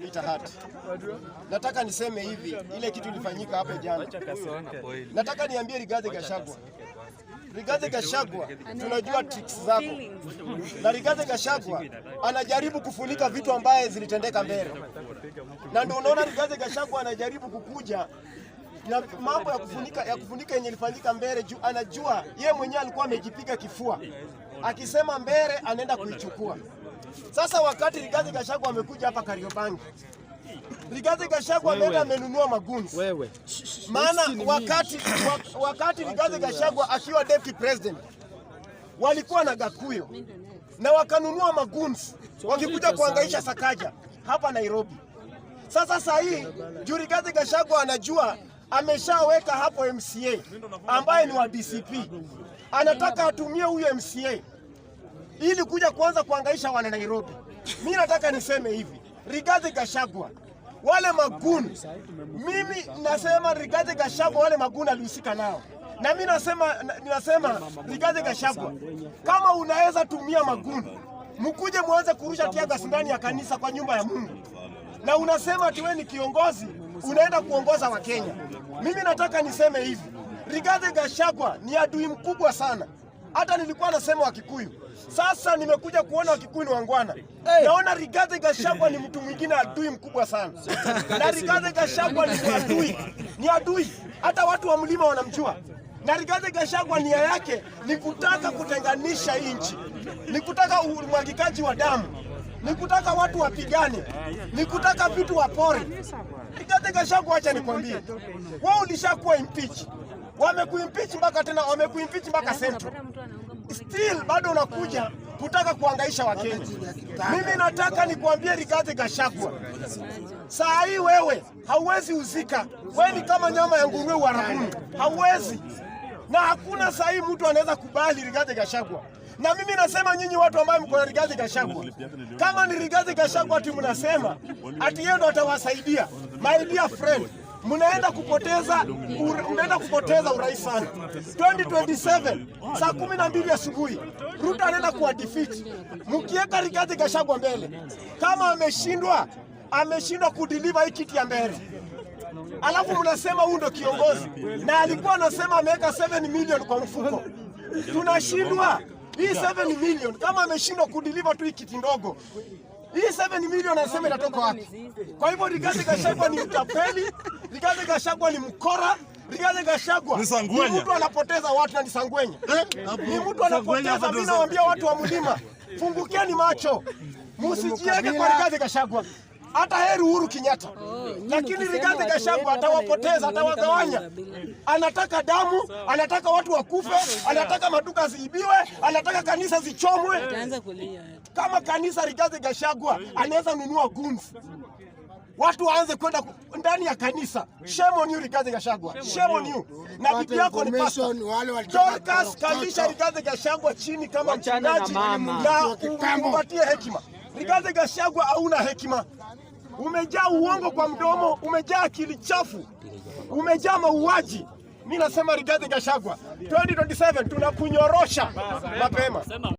Anita Hart. Nataka niseme hivi, ile kitu ilifanyika hapo jana. Nataka niambie Rigathi Gachagua. Rigathi Gachagua, tunajua tricks zako. Na Rigathi Gachagua anajaribu kufunika vitu ambaye zilitendeka mbele. Na ndio unaona Rigathi Gachagua anajaribu kukuja na mambo ya kufunika ya kufunika yenye ilifanyika mbele juu anajua yeye mwenyewe alikuwa amejipiga kifua akisema mbele anaenda kuichukua. Sasa wakati Rigathi Gachagua amekuja hapa Kariobangi, Rigathi Gachagua ameenda amenunua maguns. Wewe. Maana wakati wakati Rigathi Gachagua akiwa deputy president walikuwa na Gakuyo na wakanunua maguns wakikuja kuangaisha Sakaja hapa Nairobi. Sasa saa hii juu Rigathi Gachagua anajua ameshaweka hapo MCA ambaye ni wa DCP, anataka atumie huyo MCA ili kuja kuanza kuangaisha wana Nairobi. Mimi nataka niseme hivi, Rigathi Gachagua wale maguni, mimi nasema Rigathi Gachagua wale maguni alihusika nao, na mimi nasema ninasema Rigathi Gachagua, kama unaweza tumia maguni, mkuje mwanze kurusha tiaga sindani ya kanisa kwa nyumba ya Mungu, na unasema ati wewe ni kiongozi, unaenda kuongoza Wakenya. Mimi nataka niseme hivi, Rigathi Gachagua ni adui mkubwa sana hata nilikuwa nasema Wakikuyu, sasa nimekuja kuona Wakikuyu ni wangwana. Hey. Naona Rigathi Gachagua ni mtu mwingine adui mkubwa sana na Rigathi Gachagua ni adui, ni adui, hata watu wa mlima wanamjua. Na Rigathi Gachagua nia yake ni kutaka kutenganisha nchi, ni kutaka umwagikaji wa damu, ni kutaka watu wapigane, ni kutaka vitu wapore. Rigathi Gachagua, acha nikwambie, wewe ulishakuwa impeach wamekuimpeach mpaka tena wamekuimpeach mpaka central, still bado unakuja kutaka kuangaisha Wakenya. Mimi nataka nikuambie Rigathi Gachagua, saa hii wewe hauwezi uzika, wewe ni kama nyama ya nguruwe warabuni, hauwezi na hakuna saa hii mtu anaweza kubali Rigathi Gachagua na mimi nasema nyinyi watu ambao mko na Rigathi Gachagua, kama ni Rigathi Gachagua ati mnasema ati yeye ndo atawasaidia, my dear friend mnaenda kupoteza mnaenda kupoteza urais sana. 2027 saa kumi na mbili asubuhi Ruto anaenda kuwa defeat mkiweka Rigathi Gachagua mbele. Kama ameshindwa ameshindwa kudeliver hii kiti ya mbele, alafu mnasema huyu ndo kiongozi, na alikuwa anasema ameweka 7 million kwa mfuko. Tunashindwa hii 7 million, kama ameshindwa kudeliver tu hii kiti ndogo hii 7 milioni anasema inatoka wapi? Kwa hivyo Rigathi Gachagua ni mtapeli, Rigathi Gachagua ni mkora, Rigathi Gachagua ni mtu anapoteza watu na ni sangwenya. Eh, ni mtu anapoteza, mimi nawaambia watu wa mlima, fungukeni macho. Msijiweke kwa Rigathi Gachagua hata heri Uhuru Kenyatta oh, lakini Rigathi Gachagua atawapoteza, atawagawanya. Anataka damu, anataka watu wakufe, anataka maduka ziibiwe, anataka kanisa zichomwe. Kama kanisa Rigathi Gachagua anaweza nunua guns watu waanze kwenda ndani ya kanisa. Shame on you Rigathi Gachagua, shame on you. Na bibi yako ni pastor Dorcas Kalisha Rigathi Gachagua chini kama mchungaji, na umpatie hekima. Rigathi Gachagua hauna hekima umejaa uongo kwa mdomo, umejaa akili chafu, umejaa mauaji. mi nasema Rigathi Gachagua 2027 tunakunyorosha mapema.